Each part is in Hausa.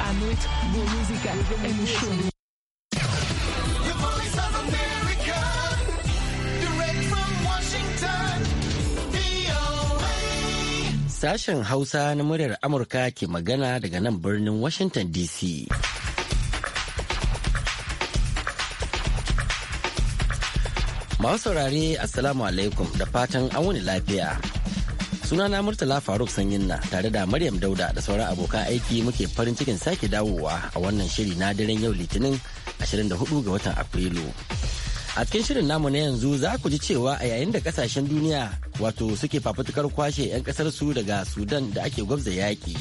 À noite, boa música Sashen Hausa na muryar Amurka ke magana daga nan birnin Washington DC. Masu saurare Assalamu alaikum da fatan an wuni lafiya. Sunana Murtala Faruk Sanyin na tare da Maryam Dauda da sauran abokan aiki muke farin cikin sake dawowa a wannan shiri na daren yau Litinin 24 ga watan Afrilu. A cikin shirin namu na yanzu za ku ji cewa a yayin da kasashen duniya wato suke fafutukar kwashe 'yan kasar su daga Sudan da ake gwabza yaƙi.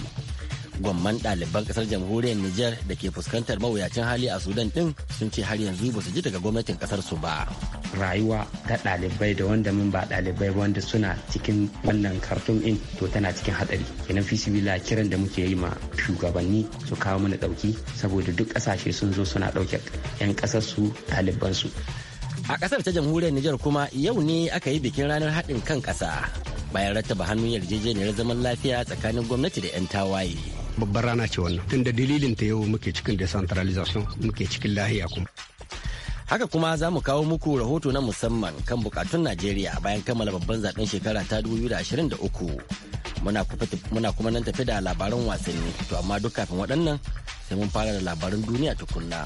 gwamman ɗaliban ƙasar jamhuriyar Nijar da ke fuskantar mawuyacin hali a Sudan ɗin sun ce har yanzu ba su ji daga gwamnatin ƙasar su ba. Rayuwa ta ɗalibai da wanda mun ba ɗalibai wanda suna cikin wannan kartun ɗin to tana cikin hatsari. Kenan fi sibila kiran da muke yi ma shugabanni su kawo mana ɗauki saboda duk ƙasashe sun zo suna ɗauke 'yan ƙasar su ɗaliban su. A ƙasar ta jamhuriyar Nijar kuma yau ne aka yi bikin ranar haɗin kan ƙasa bayan rattaba hannun yarjejeniyar zaman lafiya tsakanin gwamnati da 'yan tawaye. babbar rana ce wannan tunda dalilin ta yau muke cikin decentralization muke cikin lahiya kuma haka kuma za mu kawo muku rahoto na musamman kan bukatun najeriya bayan kammala babban zaben shekara ta 2023 muna kuma nan tafi da labaran wasanni to amma duk kafin waɗannan sai mun fara da labaran duniya tukunna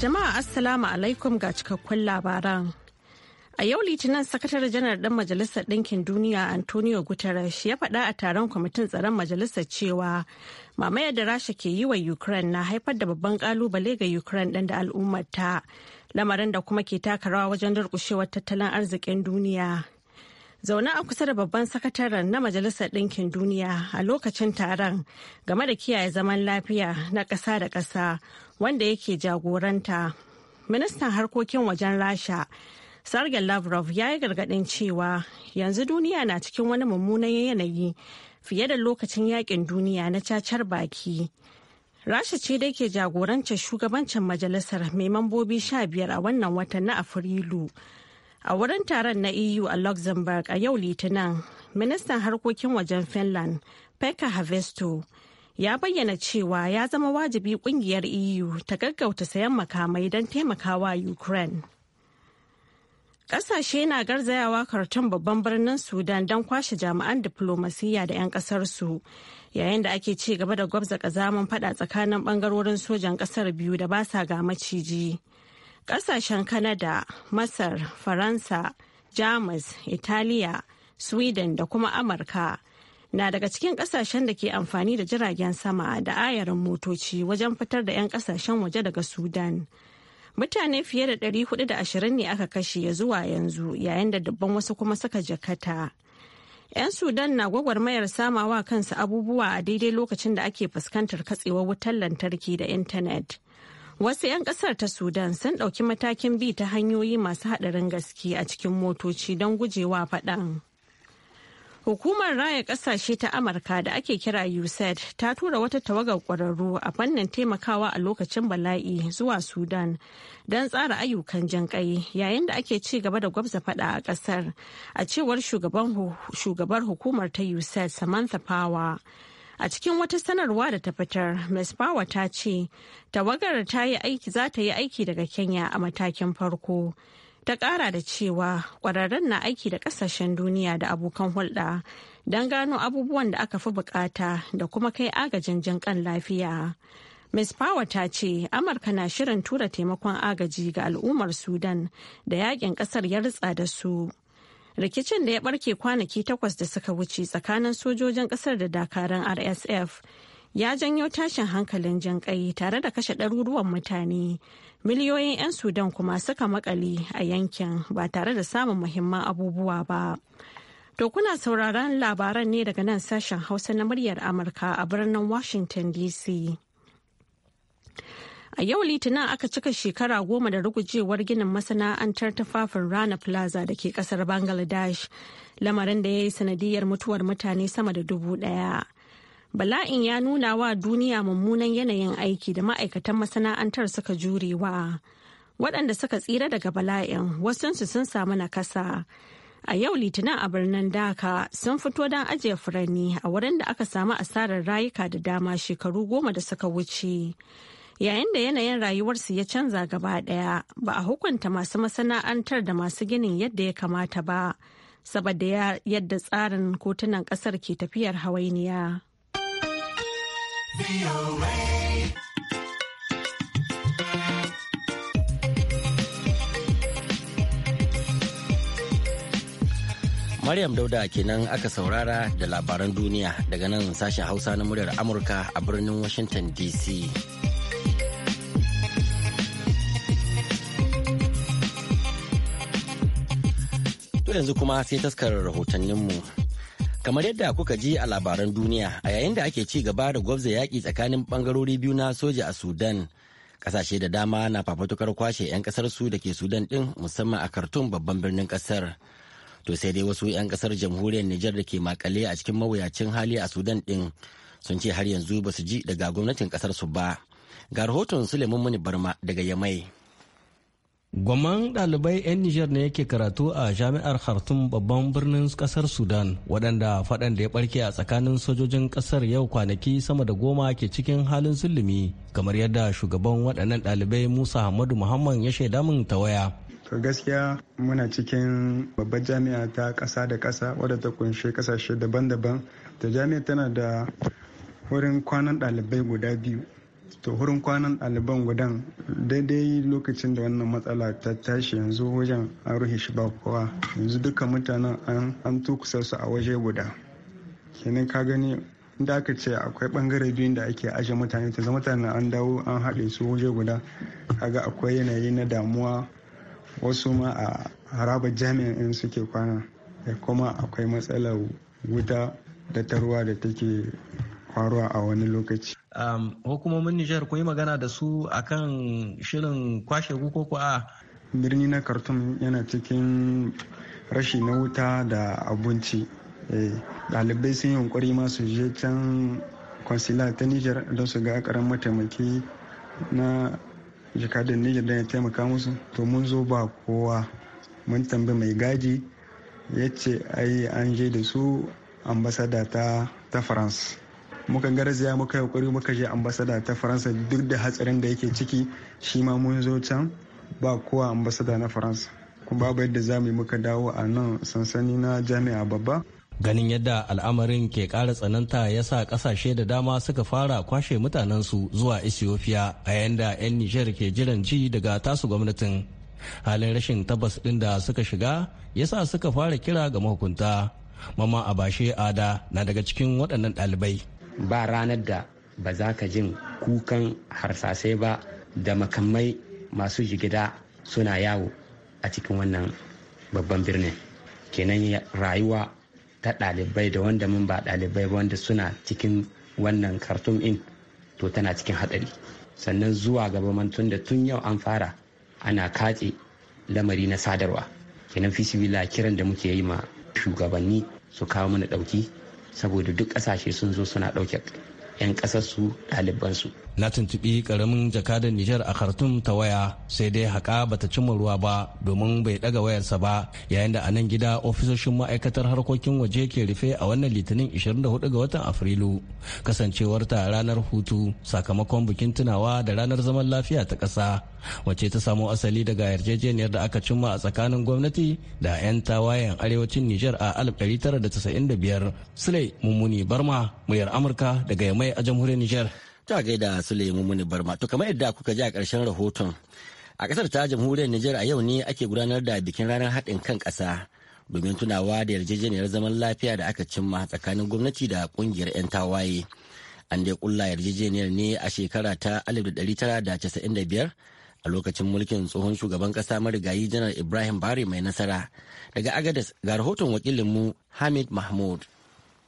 jama'a assalamu alaikum ga cikakkun labaran A yau Litinin Sakatare Janar ɗan Majalisar Ɗinkin Duniya Antonio Guterres ya faɗa a taron kwamitin tsaron majalisar cewa mamayar da Rasha ke yi wa Ukraine na haifar da babban kalubale ga Ukraine ɗin da al'ummarta, lamarin da kuma ke taka rawa wajen durƙushewar tattalin arzikin duniya. Zaune a kusa da babban sakataren na Majalisar Ɗinkin Duniya a lokacin taron game da kiyaye zaman lafiya na ƙasa da ƙasa wanda yake jagoranta. Ministan harkokin wajen Rasha Sargen Lavrov ya yi gargaɗin cewa yanzu duniya na cikin wani mummunan yanayi fiye da lokacin yakin duniya na cacar baki. Rasha ce da ke jagorancin shugabancin majalisar mai mambobi sha biyar a wannan watan na Afrilu. A wurin taron na EU a Luxembourg a yau Litinin, ministan harkokin wajen Finland, Pekka Havesto, ya bayyana cewa ya zama wajibi kungiyar EU ta gaggauta sayan makamai don taimakawa Ukraine. Ƙasashe na garzayawa karton babban birnin Sudan don kwashe jami'an diflomasiyya da 'yan ƙasarsu yayin da ake ci gaba da gwabza ƙazaman fada tsakanin ɓangarorin sojan ƙasar biyu da ba sa ga maciji. Ƙasashen Kanada, Masar, Faransa, Jamus, Italiya, Sweden da kuma Amurka na daga cikin ƙasashen da ke amfani da jiragen sama da ayarin motoci wajen fitar da 'yan ƙasashen waje daga Sudan. Mutane fiye da 420 ne aka kashe ya zuwa yanzu yayin da dubban wasu kuma suka jakata. 'Yan Sudan na gwagwarmayar samawa kansu abubuwa a daidai lokacin da ake fuskantar katsewar wutar lantarki da intanet. Wasu 'yan kasar ta Sudan sun ɗauki matakin bi ta hanyoyi masu haɗarin gaske a cikin motoci don gujewa faɗan. Hukumar raya ƙasashe ta Amurka da ake kira USAID ta tura wata tawagar ƙwararru a fannin taimakawa a lokacin bala'i zuwa Sudan don tsara ayyukan jinƙai yayin da ake ci gaba da gwabza fada a ƙasar a cewar shugabar hukumar ta USAID Samantha Power. A cikin wata sanarwa da ta fitar, Ms. Power ta ce, tawagar ta yi aiki za ta yi aiki daga Kenya a matakin farko. ta kara da cewa kwararren na aiki da kasashen duniya da abokan hulɗa don gano abubuwan da aka fi bukata da kuma kai agajin jan kan lafiya. Ms. Power ta ce Amurka na shirin tura taimakon agaji ga al'ummar Sudan da yakin kasar ya ritsa da su. Rikicin da ya barke kwanaki takwas da suka wuce tsakanin sojojin kasar da dakaran RSF ya janyo tashin hankalin jinƙai tare da kashe ɗaruruwan mutane miliyoyin 'yan sudan kuma suka maƙale a yankin ba tare da samun muhimman abubuwa ba to kuna sauraron labaran ne daga nan sashen hausa na muryar amurka a birnin washington dc A yau Litinin aka cika shekara goma da rugujewar ginin masana'antar tufafin Rana Plaza da ke kasar Bangladesh, lamarin da ya yi sanadiyar mutuwar mutane sama da dubu ɗaya. bala'in ya nuna wa duniya mummunan yanayin aiki da ma'aikatan masana'antar suka jurewa waɗanda suka tsira daga bala'in wasunsu sun samu nakasa a yau litinin a birnin daka sun fito don ajiye furanni a wurin da aka samu asarar rayuka da dama shekaru goma da suka wuce yayin da yanayin rayuwarsu ya canza gaba ɗaya ba a hukunta masu masana'antar da masu ginin yadda ya kamata ba saboda yadda tsarin kotunan ƙasar ke tafiyar hawainiya. Maryam Dauda kenan aka saurara da labaran duniya daga nan sashen Hausa na muryar Amurka a birnin Washington DC. To yanzu kuma sai taskar rahotanninmu. Kamar yadda kuka ji a labaran duniya a yayin da ake ci gaba da gwabza yaƙi tsakanin ɓangarori biyu na soja a Sudan. Ƙasashe da dama na fafatukar kwashe 'yan ƙasar su da ke Sudan ɗin musamman a kartun babban birnin ƙasar. To sai dai wasu 'yan ƙasar jamhuriyar Nijar da ke makale a cikin mawuyacin hali a Sudan ɗin sun ce har yanzu ba su ji daga gwamnatin ƙasar su ba. Ga rahoton Suleiman Muni Barma daga Yamai. Gwamman ɗalibai 'yan Nijar ne yake karatu a jami'ar Khartoum babban birnin kasar Sudan, waɗanda faɗan da ya ɓarke a tsakanin sojojin ƙasar yau kwanaki sama da goma ke cikin halin sulumi, kamar yadda shugaban waɗannan ɗalibai Musa Hamadu Muhammad ya shaida min ta waya. To gaskiya muna cikin babbar jami'a ta ƙasa da ƙasa wadda ta kunshi ƙasashe daban-daban. Da jami'a tana da wurin kwanan ɗalibai guda biyu to wurin kwanan ɗaliban gudan daidai lokacin da wannan matsala ta tashi yanzu wajen an rufe shi ba kowa yanzu duka mutanen an tukusa su a waje guda kenan ka gani inda aka ce akwai bangare biyun da ake aje mutane ta zama mutane an dawo an haɗe su waje guda kaga akwai yanayi na damuwa wasu ma a haraba jami'an in suke kwana kuma akwai matsalar wuta da ta ruwa da take faruwa a wani lokaci. hukumomin Nijar kun yi magana da su akan shirin kwashe ko a? Birni na Khartoum yana cikin rashi na wuta da abinci. Eh, ɗalibai sun yi yunkuri masu je can consular ta Nijar don su ga karan mataimaki na jikadar Nijar don ya taimaka musu. To mun zo ba kowa mun tambi mai gaji ya ce ai an je da su ambasada ta ta france muka garzaya muka yi muka je ambasada ta faransa duk da hatsarin da yake ciki shi ma mun zo can ba kowa ambasada na faransa kuma babu yadda za mu yi muka dawo a nan sansani na jami'a babba ganin yadda al'amarin ke kara tsananta ya sa kasashe da dama suka fara kwashe mutanensu zuwa ethiopia a yayin da 'yan nijar ke jiran ji daga tasu gwamnatin halin rashin tabbas ɗin da suka shiga ya sa suka fara kira ga mahukunta mama abashe ada na daga cikin waɗannan ɗalibai ba ranar da ba za ka jin kukan harsasai ba da makamai masu jigida suna yawo a cikin wannan babban birnin kenan rayuwa ta ɗalibai da wanda mun ba ɗalibai wanda suna cikin wannan kartun in to tana cikin hatsari sannan zuwa gaba mantun da tun yau an fara ana katse lamari na sadarwa kenan fisibila kiran da muke yi ma shugabanni su kawo mana ɗauki saboda duk ƙasashe sun zo suna ɗauke 'yan ƙasarsu ɗalibansu. Na tuntuɓi ƙaramin jakadar Nijar a Khartoum ta waya sai dai haƙa bata cimma ruwa ba domin bai ɗaga wayarsa ba yayin da a nan gida ofisoshin ma'aikatar harkokin waje ke rufe a wannan litinin 24 ga watan Afrilu kasancewarta ranar hutu sakamakon bikin tunawa da ranar zaman lafiya ta ƙasa wacce ta samo asali daga yarjejeniyar da aka cimma a tsakanin gwamnati da 'yan tawayen arewacin Nijar a 1995. Sule Mummuni Barma, muryar Amurka daga Yamai a jamhuriyar Nijar. Ta gaida Sule Mummuni Barma, to kamar yadda kuka ji a ƙarshen rahoton. A ƙasar ta jamhuriyar Nijar a yau ne ake gudanar da bikin ranar haɗin kan ƙasa. domin tunawa da yarjejeniyar zaman lafiya da aka cimma tsakanin gwamnati da ƙungiyar 'yan tawaye an dai kulla yarjejeniyar ne a shekara ta 1995 a lokacin mulkin tsohon shugaban kasa marigayi janar ibrahim bari mai nasara daga agadas ga rahoton wakilinmu hamid mahmud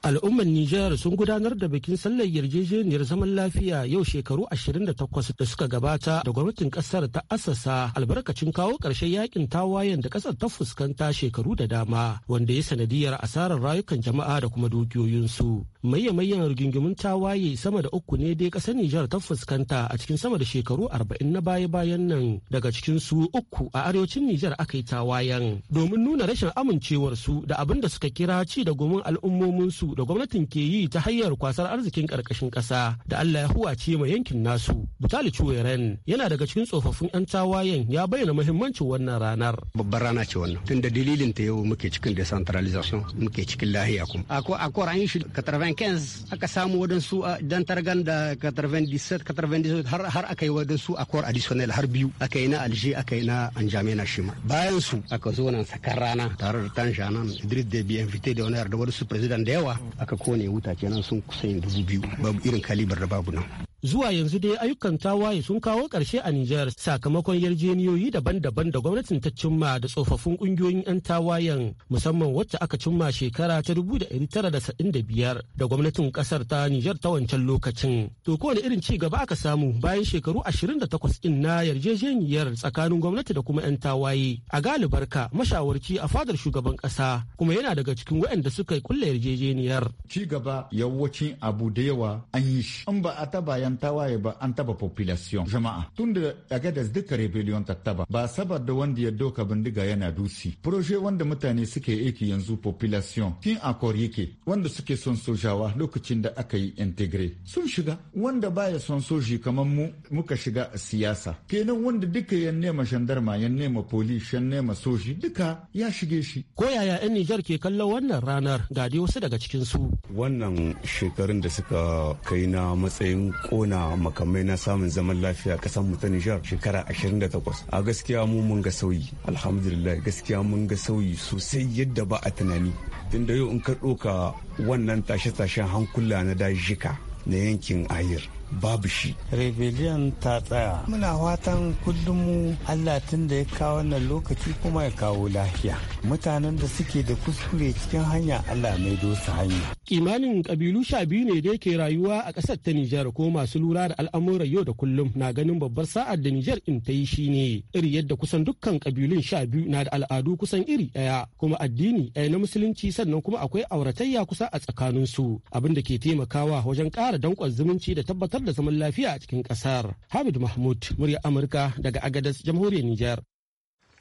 Al'ummar Nijar sun gudanar da bikin sallar yarjejeniyar zaman lafiya yau shekaru 28 da suka gabata da gwamnatin kasar ta asasa albarkacin kawo ƙarshen yakin tawayen da kasar ta fuskanta shekaru da dama wanda ya sanadiyar asarar rayukan jama'a da kuma dukiyoyinsu. Maye mayan rigingimun tawaye sama da uku ne dai ƙasar Nijar ta fuskanta a cikin sama da shekaru 40 na baya-bayan nan daga cikin su uku a arewacin Nijar aka yi tawayen domin nuna rashin amincewarsu da abin da suka kira ci da gomin al'ummominsu da gwamnatin ke yi ta hanyar kwasar arzikin karkashin kasa. da Allah ya huwace mai yankin nasu. Butali Chuweren yana daga cikin tsofaffin 'yan tawayen ya bayyana muhimmancin wannan ranar. Babbar rana ce wannan. Tun da dalilin ta yau muke cikin decentralization muke cikin lahiya kuma. Ako ako ra'ayin shi 95 aka samu wadansu dan targan da 97 97 har har aka yi wadansu akwai additional har biyu aka yi na Alger aka yi na Anjamena Shima. Bayan su aka zo nan sakar rana tare da Tansha nan Idris Deby invité da wani da wadansu president da yawa aka kone wuta kenan sun kusa yin dubu biyu babu irin kalibar da babu nan Zuwa yanzu dai ayyukan tawaye sun kawo ƙarshe a Nijar sakamakon yarjeniyoyi daban-daban da gwamnatin ta cimma da tsofaffin ƙungiyoyin 'yan tawayen musamman wacce aka cimma shekara ta 1975 da gwamnatin ƙasar ta Nijar ta wancan lokacin. To kowane irin ci gaba aka samu bayan shekaru 28 ɗin na yarjejeniyar tsakanin gwamnati da kuma 'yan tawaye. A galibarka mashawarci a fadar shugaban ƙasa kuma yana daga cikin waɗanda suka yi kulle yarjejeniyar. Ci gaba yawancin abu da yawa an yi shi. In ba a taba 'yan tawaye ba an taba population jama'a tun da da duka rebellion ta taba ba sabar da wanda ya doka bindiga yana dusi projet wanda mutane suke aiki yanzu population kin akor yake wanda suke son sojawa lokacin da aka yi integre sun shiga wanda baya son soji kamar mu muka shiga siyasa kenan wanda duka ya nema shandarma ya nema police ya nema soji duka ya shige shi ko yaya 'yan Niger ke kallon wannan ranar ga wasu daga cikin su wannan shekarun da suka kai na matsayin ko kona makamai na samun zaman lafiya kasan mu ta Nijar shekara 28 a gaskiya mu mun ga sauyi alhamdulillah gaskiya mun ga sauyi sosai yadda ba a tunani tunda yau in ka ɗoka wannan tashe-tashen hankula na dajika na yankin ayir babu shi. Rebellion ta tsaya. Muna watan kullum Allah tun da ya kawo wannan lokaci kuma ya kawo lafiya. Mutanen da suke da kuskure cikin hanya Allah mai dosa hanya. Kimanin kabilu sha biyu ne da yake rayuwa a ƙasar ta Nijar ko masu lura da al'amuran yau da kullum na ganin babbar sa'ar da Nijar in ta yi shi ne. iri yadda kusan dukkan kabilun sha biyu na da al'adu kusan iri ɗaya kuma addini ɗaya na musulunci sannan kuma akwai auratayya kusa a tsakaninsu abin da ke taimakawa wajen ƙara danƙon zumunci da tabbatar wanzar da zaman lafiya a cikin kasar. Hamid Mahmud, murya Amurka daga Agadez, Jamhuriyar Nijar.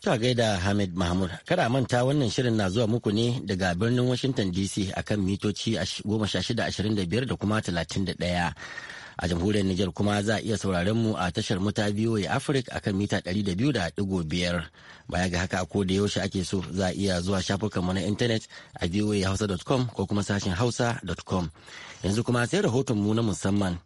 Ta gaida Hamid Mahmud, kada manta wannan shirin na zuwa muku ne daga birnin Washington DC akan mitoci 1625 da kuma 31. A jamhuriyar Nijar kuma za a iya sauraron mu a tashar mu ta VOA Africa akan mita ɗari 200.5. Baya ga haka ko da yaushe ake so za a iya zuwa shafukan mu na intanet a hausa.com ko kuma sashin hausa.com. Yanzu kuma sai rahoton mu na musamman.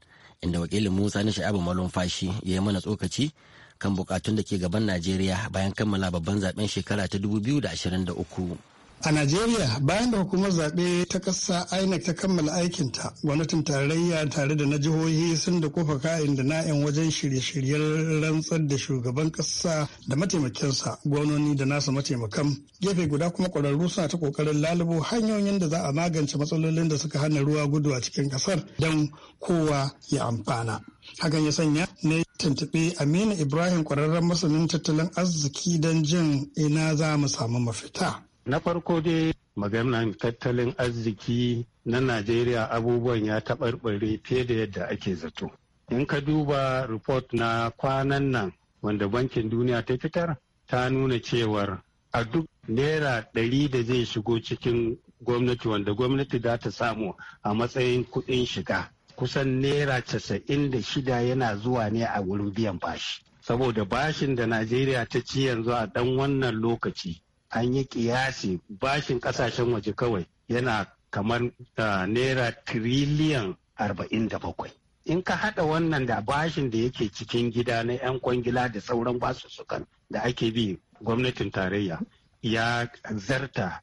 inda wakilin musa na sha'abu malumfashi ya yi mana tsokaci kan bukatun da ke gaban najeriya bayan kammala babban zaben shekara ta 2023 A Najeriya bayan da hukumar zaɓe ta ƙasa INEC ta kammala aikinta, gwamnatin tarayya tare da na jihohi sun da kofa ka'in da na'in wajen shirye-shiryen rantsar da shugaban ƙasa da mataimakinsa gwamnoni da nasa mataimakan. Gefe guda kuma ƙwararru suna ta ƙoƙarin lalubo hanyoyin da za a magance matsalolin da suka hana ruwa gudu a cikin ƙasar don kowa ya amfana. Hakan ya sanya ne tuntuɓe Aminu Ibrahim ƙwararren masanin tattalin arziki don jin ina za mu samu mafita. na farko dai maganar tattalin arziki na najeriya abubuwan ya taɓarɓare fiye da yadda ake zato in ka duba report na kwanan nan wanda bankin duniya ta fitar ta nuna cewar a duk naira ɗari da zai shigo cikin gwamnati wanda gwamnati za ta samu a matsayin kuɗin shiga kusan naira casa'in da shida yana zuwa ne a wurin biyan bashi saboda bashin da najeriya ta ci yanzu a ɗan wannan lokaci an yi kiyasi bashin kasashen waje kawai yana kamar ah, naira tiriliyan 47 in ka hada wannan da bashin da yake cikin gida na 'yan kwangila da sauran basussukan da ake bi gwamnatin tarayya ya zarta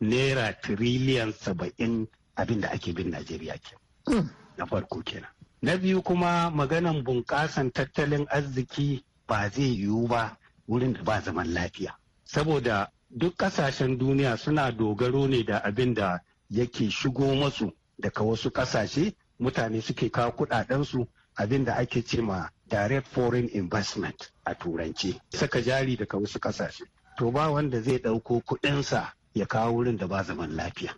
naira tiriliyan 70 abin da ake bin najeriya ke na farko kenan na biyu kuma maganan bunƙasan tattalin arziki ba zai yiwu ba wurin da ba zaman lafiya saboda duk ƙasashen duniya suna dogaro ne da abin da yake shigo masu daga wasu ƙasashe mutane suke kawo kuɗaɗensu abin da ake ce ma direct foreign investment a turanci saka jari daga wasu ƙasashe to ba wanda zai ɗauko kuɗinsa ya kawo wurin da ba zaman lafiya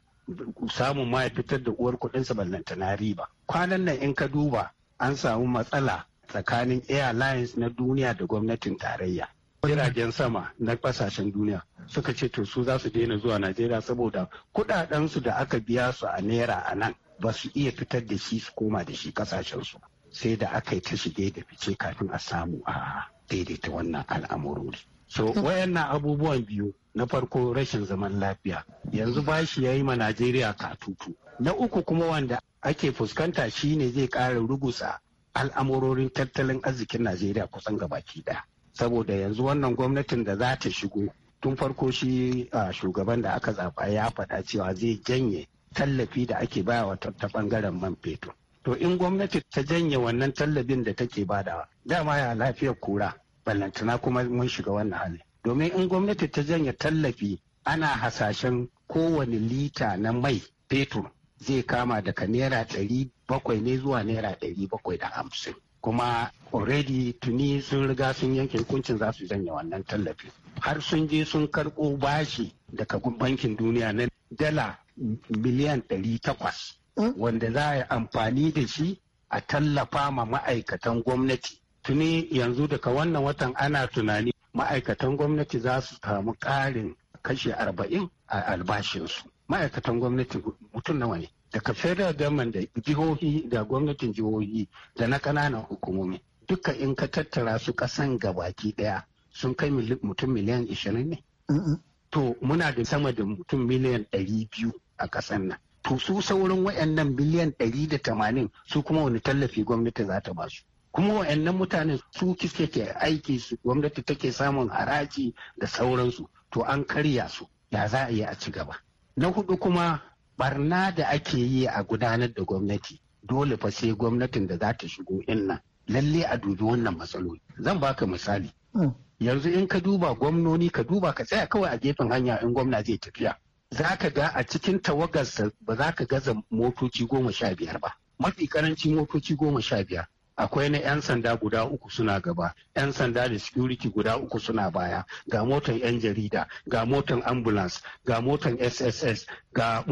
samun ma ya fitar da uwar kuɗinsa ballanta na riba kwanan nan in ka duba an samu matsala tsakanin airlines na duniya da gwamnatin tarayya jiragen sama na kasashen duniya suka ce to su za su daina zuwa najeriya saboda kudadensu da aka biya su a naira a nan ba su iya fitar da shi su koma da shi kasashensu sai da aka yi ta shige da fice kafin a samu a daidaita wannan al'amurori so wayannan abubuwan biyu na farko rashin zaman lafiya yanzu bashi ya yi ma najeriya katutu na uku kuma wanda ake fuskanta shine zai ƙara rugusa al'amurorin tattalin arzikin najeriya kusan gabaki ɗaya saboda yanzu wannan gwamnatin da za ta shigo tun farko shi a shugaban da aka zaba ya faɗa cewa zai janye tallafi da ake bayawa ta bangaren man fetur to in gwamnati ta janye wannan tallafin da take badawa dama ya lafiyar kura ballantana kuma mun shiga wannan hali domin in gwamnati ta janye tallafi ana hasashen kowane lita na mai fetur zai kama daga naira ɗari bakwai ne zuwa naira ɗari bakwai da hamsin kuma already tuni sun riga sun yanke hukuncin za su janye wannan tallafi har sun je sun karɓo bashi daga bankin duniya na dala miliyan 800 hmm? wanda za a yi amfani da shi a tallafa ma ma'aikatan gwamnati tuni yanzu daga wannan watan ana tunani ma'aikatan gwamnati za su samu karin kashe arba'in a albashinsu ma'aikatan gwamnati mutum nawa ne daga federal government da jihohi da gwamnatin jihohi da na kananan hukumomi duka in ka tattara su kasan gabaki ɗaya sun kai mutum miliyan 20 ne. To muna da sama da mutum miliyan 200 a kasan nan. To su sauran wayannan miliyan 180 su kuma wani tallafi gwamnati za ta basu? Kuma wayannan mutane su kiske ke aiki su gwamnati take samun haraji da sauransu. To an karya su ya za a yi a ci gaba. Na hudu kuma barna da ake yi a gudanar da gwamnati dole fa sai gwamnatin da za ta shigo in nan lalle a dubi wannan matsaloli zan baka misali hmm. yanzu in ka duba gwamnoni ka duba ka tsaya kawai a gefen hanya in gwamna zai tafiya za ka ga a cikin tawagarsa ba za ka gaza motoci goma sha biyar ba mafi karanci motoci goma sha biyar akwai na 'yan sanda guda uku suna gaba 'yan sanda da security guda uku suna baya ga motan 'yan jarida ga motan ambulance ga motan sss ga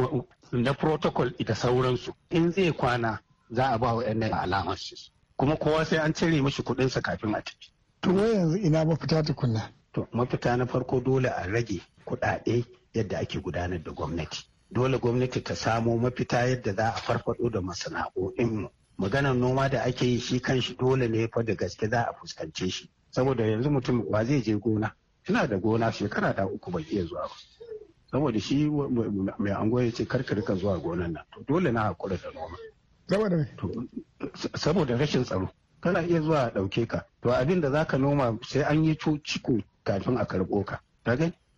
na protocol ita sauransu in zai kwana za a ba wa yan alamar shi kuma kowa sai an cire mishi sa kafin a tafi. to yanzu ina mafita tukunna. to mafita na farko dole a rage kuɗaɗe yadda ake gudanar da gwamnati dole gwamnati ta samo mafita yadda za a farfado da masana'o'inmu maganar noma da ake yi shi kanshi dole ne fa da gaske za a fuskance shi saboda yanzu mutum ba zai je gona ina da gona shekara da uku bai iya zuwa ba saboda shi mai anguwa ya ce karka rika zuwa gonan nan to dole na hakura da noma saboda rashin tsaro kana iya zuwa a ɗauke ka to abin da zaka noma sai an yi ciko kafin a karɓo ka ta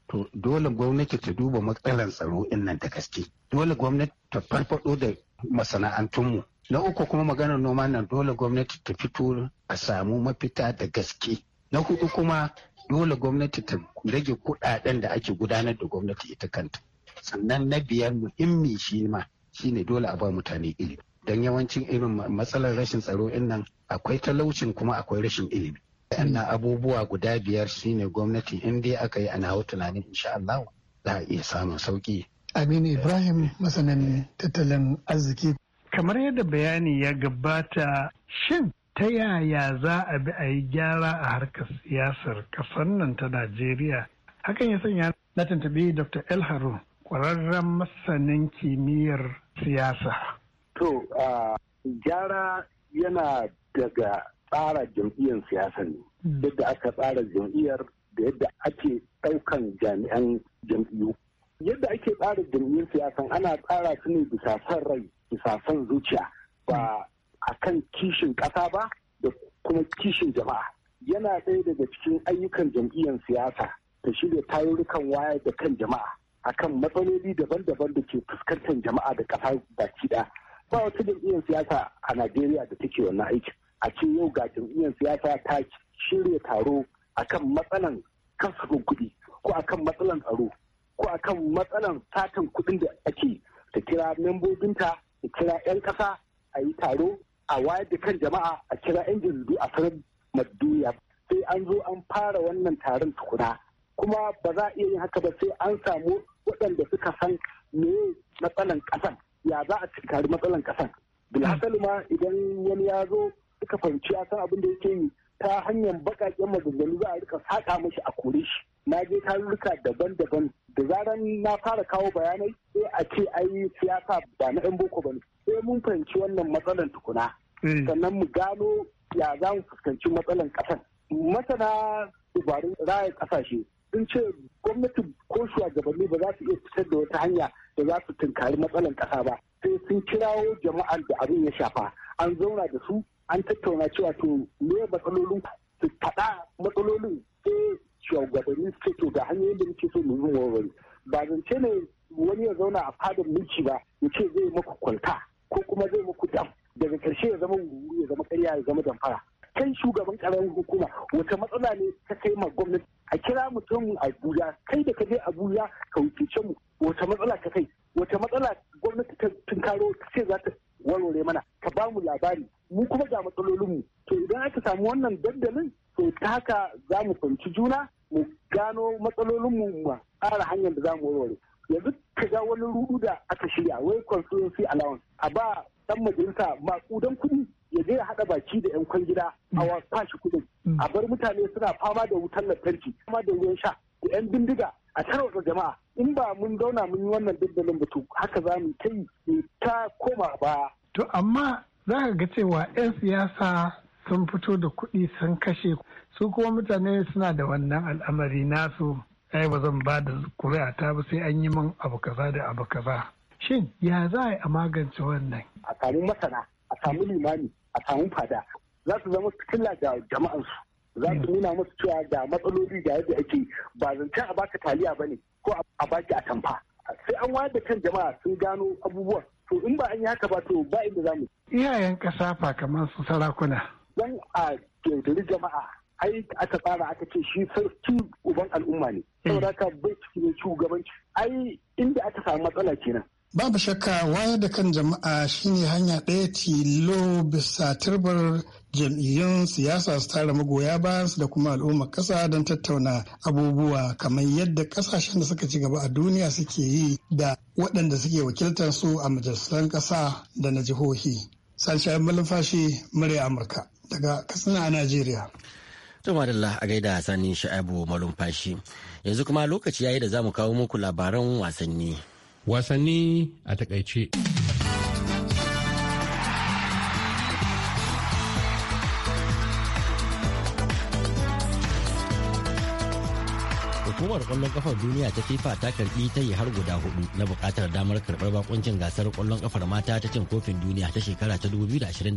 to dole gwamnati ta duba matsalar tsaro in nan da gaske dole gwamnati ta farfado da masana'antunmu na uku kuma maganar noma nan dole gwamnati ta fito a samu mafita da gaske na hudu kuma dole gwamnati ta rage kuɗaɗen da ake gudanar da gwamnati ita kanta sannan na biyar muhimmi shi ma shine dole a ba mutane ilimi don yawancin irin matsalar rashin tsaro in nan akwai talaucin kuma akwai rashin ilimi na abubuwa guda biyar shine gwamnati in dai aka yi ana hau tunanin insha Allah za a iya samun sauki Aminu Ibrahim masanin tattalin arziki kamar yadda bayani ya gabata shin ta yaya za a bi a yi gyara a harkar siyasar ƙasar nan ta Najeriya. Hakan ya sanya na tuntubi Dr. El Harun, ƙwararren masanin kimiyyar siyasa. To, a gyara yana daga tsara jam'iyyar siyasa ne. Hmm. Yadda aka tsara jam'iyyar da yadda ake ɗaukan jami'an jam'iyyu. Yadda ake tsara jam'iyyar siyasa ana tsara su ne bisa son rai, bisa son zuciya. Ba hmm. a kan kishin ƙasa ba da kuma kishin jama'a yana ɗaya daga cikin ayyukan jam'iyyar siyasa ta shirya tarurrukan waya da kan jama'a A kan matsaloli daban-daban da ke fuskantar jama'a da ƙasa baki ɗaya ba wata jam'iyyar siyasa a najeriya da take wannan aiki a ce yau ga jam'iyyar siyasa ta shirya taro a kan matsalan kasafin kuɗi ko a kan matsalan tsaro ko a kan matsalan satan kuɗin da ake ta kira membobinta ta kira 'yan ƙasa a yi taro a wayar da kan jama'a a kira 'yan jaridu a sanar madduniya sai an zo an fara wannan taron tukuna kuma ba za a iya yin haka ba sai an samu waɗanda suka san me matsalan ƙasan ya za a cikari matsalan ƙasan bilhassali ma idan wani ya zo suka fahimci a san abin da yake yi ta hanyar baƙaƙen maganganu za a rika saƙa mashi a kore shi na je tarurruka daban-daban da zaran na fara kawo bayanai sai a ce ai siyasa ba na 'yan boko ba ne sai mun fahimci wannan matsalan tukuna mm. sannan mu gano ya za mu fuskanci matsalan ƙasan masana dubarun raya kasashe sun ce gwamnati ko shugabanni ba za su iya fitar da wata hanya da za su tunkari matsalan ƙasa ba sai sun kirawo jama'ar da abin ya shafa an zauna da su an tattauna cewa to me matsalolin su faɗa matsalolin sai shugabanni su ce to ga hanyoyin da muke so mu yi ba zance ne wani ya zauna a fadar mulki ba ya ce zai maku kwalta ko kuma zai muku dam daga karshe ya zama wuri ya zama karya ya zama damfara kai shugaban karamin hukuma wata matsala ne ta kai ma gwamnati a kira mutum a abuja kai da ka je abuja ka wuce mu wata matsala ta kai wata matsala gwamnati ta tunkaro ce za ta warware mana ka ba mu labari mu kuma ga matsalolinmu to idan aka samu wannan dandalin to ta haka za mu fahimci juna mu gano matsalolinmu mu ƙara hanyar da za mu warware yanzu ka ga wani rudu da aka shirya wai constituency allowance a ba dan majalisa kudan kuɗi ya je ya haɗa baki da 'yan kwangila a kwashi kudin, a bar mutane suna fama da wutan lantarki fama da ruwan sha da 'yan bindiga a tarwata jama'a in ba mun zauna mun yi wannan dandalin batu haka za mu kai yi ta koma baya. to amma za ka ga cewa 'yan siyasa sun fito da kuɗi sun kashe su kuma mutane suna da wannan al'amari nasu ai ba zan ba da kuri'a ta ba sai an yi min abu kaza da abu kaza shin ya za a magance wannan a samu masana a samu limami a samu fada za su zama fitila ga jama'ansu za su nuna musu cewa da matsaloli da yadda ake ba zance a baka taliya ba ne ko a baki a tamfa sai an wayar da kan jama'a sun gano abubuwan to in ba an yi haka ba to ba inda za mu iyayen kasa fa kamar su sarakuna Zan a kyautari jama'a ai aka tsara aka ce shi sarki uban al'umma ne hmm. saboda ka bai cikin shugabanci ai inda aka samu matsala kenan Babu shakka wayar da kan jama'a shine hanya ɗaya tilo bisa turbar jam'iyyun siyasa su tara magoya su da kuma al'umma ƙasa don tattauna abubuwa kamar yadda ƙasashen da suka ci gaba a duniya suke yi da waɗanda suke wakiltar su a majalisar ƙasa da na jihohi. Sanshi Malumfashi, murya Amurka, daga Katsina a Najeriya. To madalla a gaida sani sha'abu malumfashi yanzu kuma lokaci ya yi da za mu kawo muku labaran wasanni. Wasanni a takaice. hukumar kwallon kafar duniya ta fifa ta karbi ta yi har guda hudu na bukatar damar karbar bakuncin gasar kwallon kafar mata ta cin kofin duniya ta shekara ta 2027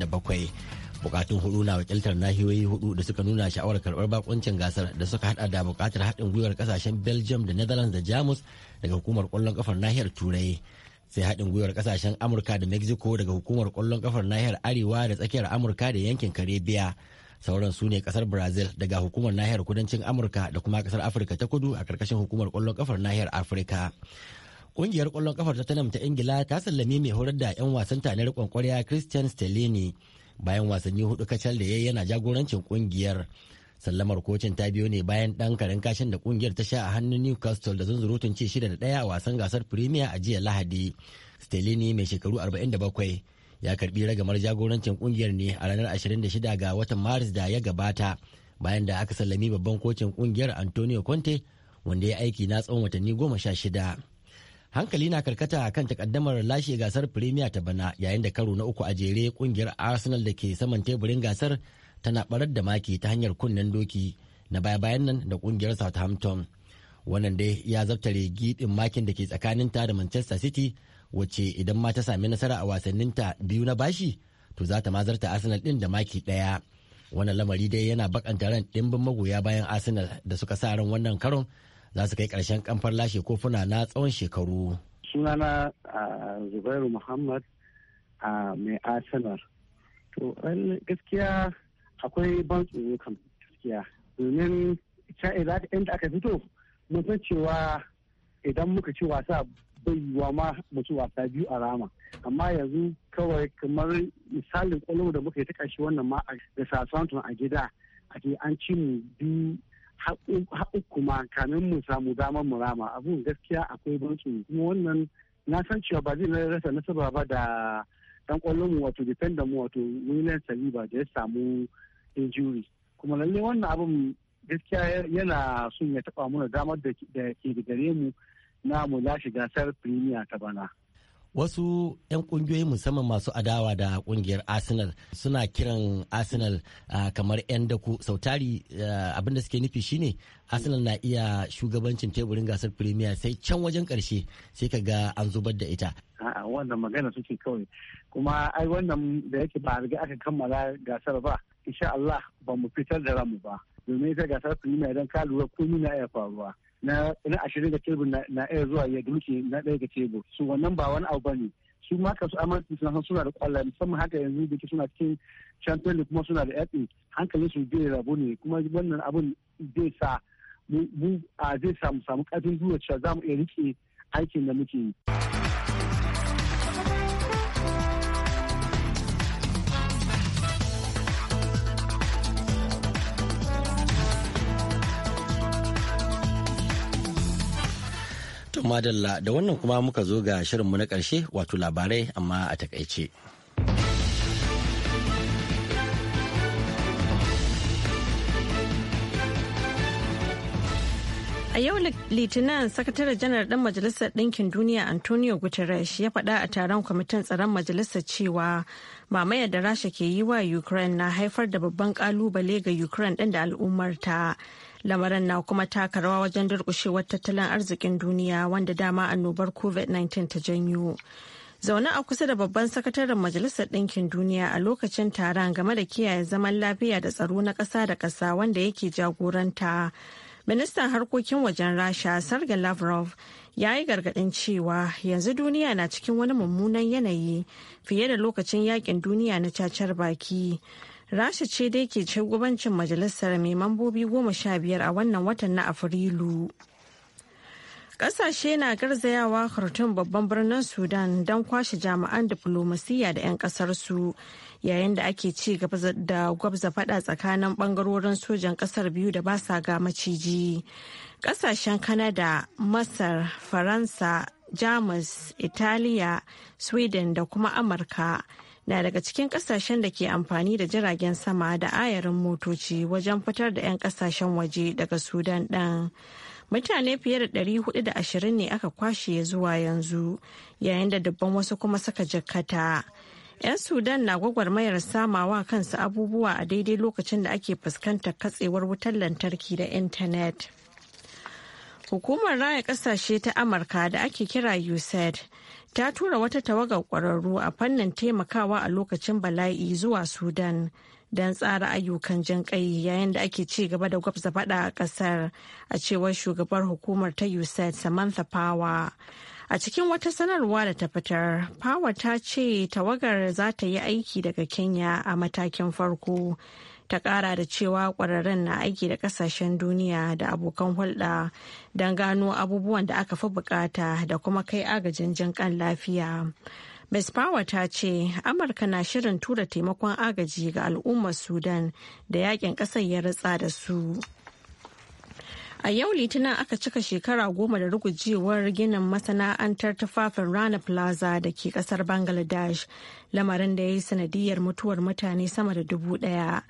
bukatun hudu na wakiltar nahiyoyi hudu da suka nuna sha'awar karbar bakuncin gasar da suka hada da bukatar haɗin gwiwar kasashen belgium da netherlands da jamus daga hukumar kwallon kafar nahiyar turai sai haɗin gwiwar kasashen amurka da mexico daga hukumar kwallon kafar nahiyar arewa da tsakiyar amurka da yankin karibiya sauran su ne kasar brazil daga hukumar nahiyar kudancin amurka da kuma kasar afirka ta kudu a karkashin hukumar kwallon kafar nahiyar afirka kungiyar kwallon kafar tanam ta ingila ta sallame mai horar da 'yan wasan ta na rikon kwarya christian stellini bayan wasanni hudu kacal da ya yana jagorancin kungiyar sallamar kocin ta biyo ne bayan dan karin kashin da kungiyar ta sha a hannun newcastle da zunzurutun ce shida da daya a wasan gasar premier a jiya lahadi stellini mai shekaru 47 ya karbi ragamar jagorancin kungiyar ne a ranar 26 ga watan maris da ya gabata bayan da aka sallami babban kocin kungiyar antonio conte wanda ya aiki na tsawon watanni goma sha shida hankali na karkata kan takaddamar lashe gasar premier ta bana yayin da karo na uku a jere kungiyar arsenal da ke saman teburin gasar tana barar da maki ta hanyar kunnen doki na baya-bayan nan da kungiyar southampton wannan dai ya zartare gidin makin da ke tsakaninta da manchester city wacce idan ma ta sami nasara a ta biyu na bashi to za ta mazarta arsenal din da maki daya wannan lamari dai yana bakanta ran dimbin magoya bayan arsenal da suka sa ran wannan karon za su kai karshen kamfar lashe kofuna na tsawon shekaru sunana ah, zubairu muhammad ah, mai arsenal to gaskiya akwai ban tsoro kan gaskiya domin sha'i eh, za inda aka fito mun san cewa idan muka ci wasa bai yiwa ma mutu wasa biyu a rama amma yanzu kawai kamar misalin kwallo da muka yi ta kashi wannan ma da Southampton a gida a ke an ci mu biyu uku ma kamin mu samu damar mu rama abun gaskiya akwai bansu kuma wannan na san cewa ba zai rasa nasaba ba da dan kwallon mu wato defender mu wato William Saliba da ya samu injury kuma lalle wannan abun gaskiya yana son ya taba mana damar da ke da gare mu namu mu shiga gasar premier ta bana. Wasu 'yan kungiyoyi musamman masu adawa da kungiyar Arsenal suna kiran Arsenal uh, kamar 'yan daku sautari uh, abinda suke nufi shine Arsenal na iya shugabancin teburin gasar Premier sai can wajen karshe sai ka ga an zubar da ita. A'a wannan magana suke kawai kuma ai wannan da yake ba riga aka kammala gasar ba insha Allah ba mu fitar da ramu ba domin ita gasar Premier idan ka lura ko na iya faruwa. na ashirin ga tebur na iya zuwa ya gluke na ɗaya ga tebur su wannan ba wani abu ba ne su ma kasu amurka suna suna da kwalla musamman haka yanzu da suna cikin champion kuma suna da yaƙi hankali su bai rabu ne kuma wannan abun zai sa mu a zai samu samu ƙarfin zuwa cewa za mu iya rike aikin da muke yi. madalla da wannan kuma muka zo ga shirinmu na ƙarshe wato labarai amma a takaice. A yau Litinin Sakataren Janar ɗan Majalisar Ɗinkin Duniya Antonio Guterres ya faɗa a taron kwamitin tsaron majalisar cewa mamayar da Rasha ke yi wa Ukraine na haifar da babban ƙalubale ga Ukraine ɗin da al'ummarta lamarin na kuma taka rawa wajen durkushewar tattalin arzikin duniya wanda dama annobar covid-19 ta janyo zaune a kusa da babban sakataren majalisar ɗinkin duniya a lokacin taron game da kiyaye zaman lafiya da tsaro na ƙasa da ƙasa wanda yake jagoranta ministan harkokin wajen rasha sergei lavrov ya yi gargaɗin cewa yanzu duniya na cikin wani mummunan yanayi fiye da lokacin yaƙin duniya na cacar baki rasha ce dai ke shugabancin majalisar mai mambobi goma sha biyar a wannan watan na afrilu kasashe na garzayawa Khartoum babban birnin Sudan don kwashe jami'an diflomasiyya da 'yan ƙasarsu yayin da ake ci gaba da gwabza fada tsakanin ɓangarorin sojan ƙasar biyu da ba sa ga maciji. Ƙasashen Kanada, Masar, Faransa, Jamus, Italiya, Sweden da kuma Amurka na daga cikin kasashen da ke amfani da jiragen sama da ayarin motoci wajen fitar da 'yan kasashen waje daga sudan ɗan mutane fiye da 420 ne aka kwashe zuwa yanzu yayin da dubban wasu kuma suka jikkata 'yan sudan na gwagwarmayar samawa kansu abubuwa a daidai lokacin da ake fuskantar katsewar wutar lantarki da intanet hukumar raya kasashe ta amurka da ake kira usaid ta tura wata tawagar ƙwararru a fannin taimakawa a lokacin bala'i zuwa Sudan don tsara ayyukan jin yayin da ake ci gaba da gwabza faɗa a ƙasar a cewar shugabar hukumar ta USAID Samantha Power. A cikin wata sanarwa da ta fitar, Power ta ce tawagar za ta yi aiki daga Kenya a matakin farko ta kara da cewa kwararren na aiki da kasashen duniya da abokan hulɗa don gano abubuwan da aka fi bukata da kuma kai agajin kan lafiya Ms. Power ta ce Amurka na shirin tura taimakon agaji ga al'ummar Sudan da yakin ƙasar ya ritsa da su. A yau Litinin aka cika shekara goma da rugujewar ginin masana'antar tufafin Rana Plaza da ke kasar Bangladesh, lamarin da ya yi sanadiyar mutuwar mutane sama da dubu daya.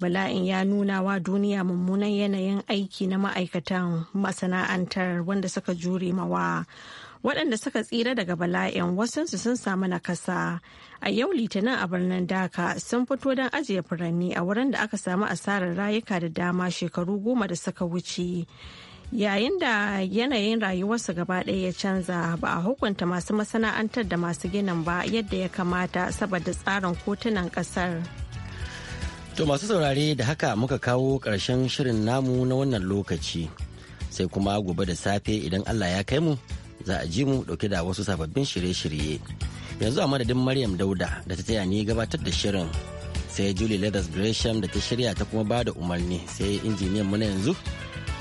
bala'in ya nuna wa duniya mummunan yanayin aiki na ma'aikatan masana'antar wanda suka jure mawa waɗanda suka tsira daga bala'in wasansu sun samu nakasa a yau litinin a birnin daka sun fito don ajiye furanni a wurin da aka samu asarar rayuka da dama shekaru goma da suka wuce yayin da yanayin rayuwarsu gaba ɗaya ya canza ba a hukunta masu masana'antar da masu ginin ba yadda ya kamata saboda tsarin kotunan ƙasar. To masu saurare da haka muka kawo ƙarshen shirin namu na wannan lokaci sai kuma gobe da safe idan Allah ya kai mu za a ji mu ɗauke da wasu sababbin shirye-shirye. Yanzu a madadin Maryam Dauda da ta taya ni gabatar da shirin sai Julie Leathers Gresham da ta shirya ta kuma ba da umarni sai injiniyan mu na yanzu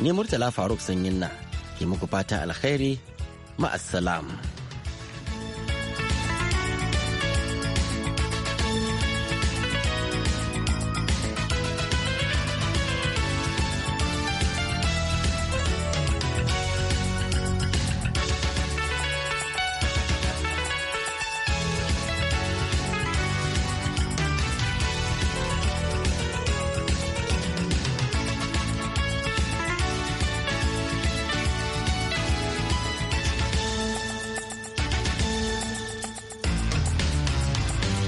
ne Murtala Faruk Sanyin na ke muku fatan alkhairi ma'assalam.